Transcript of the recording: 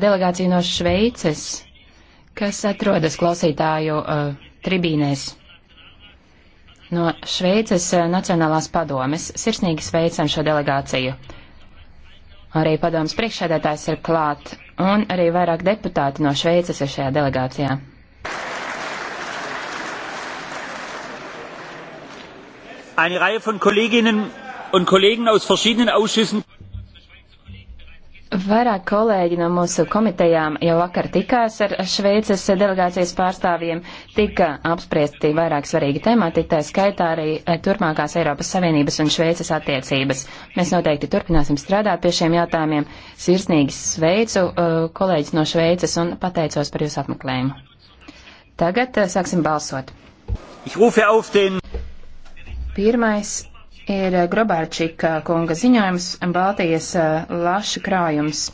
delegāciju no Šveices, kas atrodas klausītāju uh, tribīnēs. No Šveices uh, Nacionālās padomes sirsnīgi sveicam šo delegāciju. Arī padomas priekšsēdētājs ir klāt, un arī vairāk deputāti no Šveices ir šajā delegācijā. Eine Reihe von Kolleginnen un kolēģiem no verschiedenen ausschüssen. Vairāk kolēģi no mūsu komitejām jau vakar tikās ar Šveices delegācijas pārstāvjiem, tika apspriesti vairāk svarīgi temati, tā skaitā arī eh, turpmākās Eiropas Savienības un Šveices attiecības. Mēs noteikti turpināsim strādāt pie šiem jautājumiem. Sirsnīgi sveicu eh, kolēģis no Šveices un pateicos par jūsu apmeklējumu. Tagad eh, sāksim balsot. Pirmais ir Grabārčika kunga ziņojums Baltijas eh, laša krājums.